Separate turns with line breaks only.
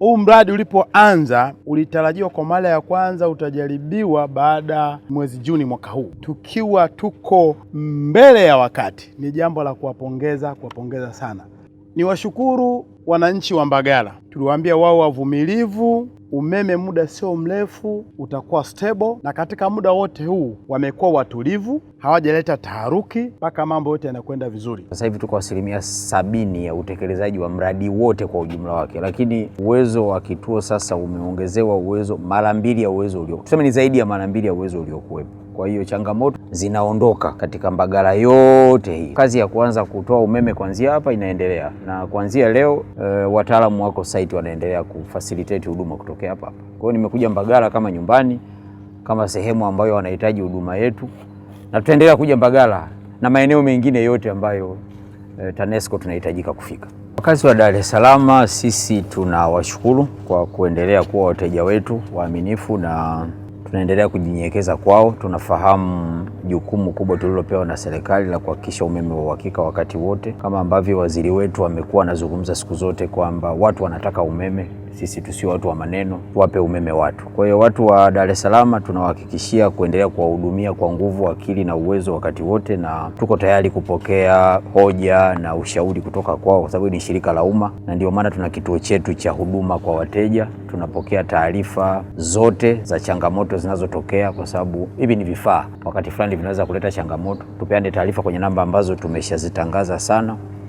Huu mradi ulipoanza ulitarajiwa kwa mara ya kwanza utajaribiwa baada mwezi Juni mwaka huu. Tukiwa tuko mbele ya wakati, ni jambo la kuwapongeza, kuwapongeza sana. Niwashukuru wananchi wa Mbagala. Tuliwaambia wao wavumilivu, umeme muda sio mrefu utakuwa stable, na katika muda wote huu wamekuwa watulivu, hawajaleta taharuki, mpaka mambo yote yanakwenda vizuri.
Sasa hivi tuko asilimia sabini ya utekelezaji wa mradi wote kwa ujumla wake, lakini uwezo wa kituo sasa umeongezewa uwezo mara mbili ya uwezo ulio, tuseme ni zaidi ya mara mbili ya uwezo uliokuwepo. Kwa hiyo changamoto zinaondoka katika Mbagala yote hii. Kazi ya kuanza kutoa umeme kuanzia hapa inaendelea, na kuanzia leo e, wataalamu wako site wanaendelea kufacilitate huduma kutokea hapa hapa. Kwa hiyo nimekuja Mbagala kama nyumbani, kama sehemu ambayo wanahitaji huduma yetu, na tutaendelea kuja Mbagala na maeneo mengine yote ambayo e, TANESCO tunahitajika kufika. Wakazi wa Dar es Salaam, sisi tunawashukuru kwa kuendelea kuwa wateja wetu waaminifu na tunaendelea kujinyekeza kwao. Tunafahamu jukumu kubwa tulilopewa na serikali la kuhakikisha umeme wa uhakika wakati wote, kama ambavyo waziri wetu amekuwa anazungumza siku zote kwamba watu wanataka umeme sisi tusio watu wa maneno, tuwape umeme watu. Kwa hiyo watu wa Dar es Salaam tunawahakikishia kuendelea kuwahudumia kwa nguvu, akili na uwezo wakati wote, na tuko tayari kupokea hoja na ushauri kutoka kwao, kwa sababu ni shirika la umma, na ndio maana tuna kituo chetu cha huduma kwa wateja. Tunapokea taarifa zote za changamoto zinazotokea, kwa sababu hivi ni vifaa, wakati fulani vinaweza kuleta changamoto. Tupeane taarifa kwenye namba ambazo tumeshazitangaza sana.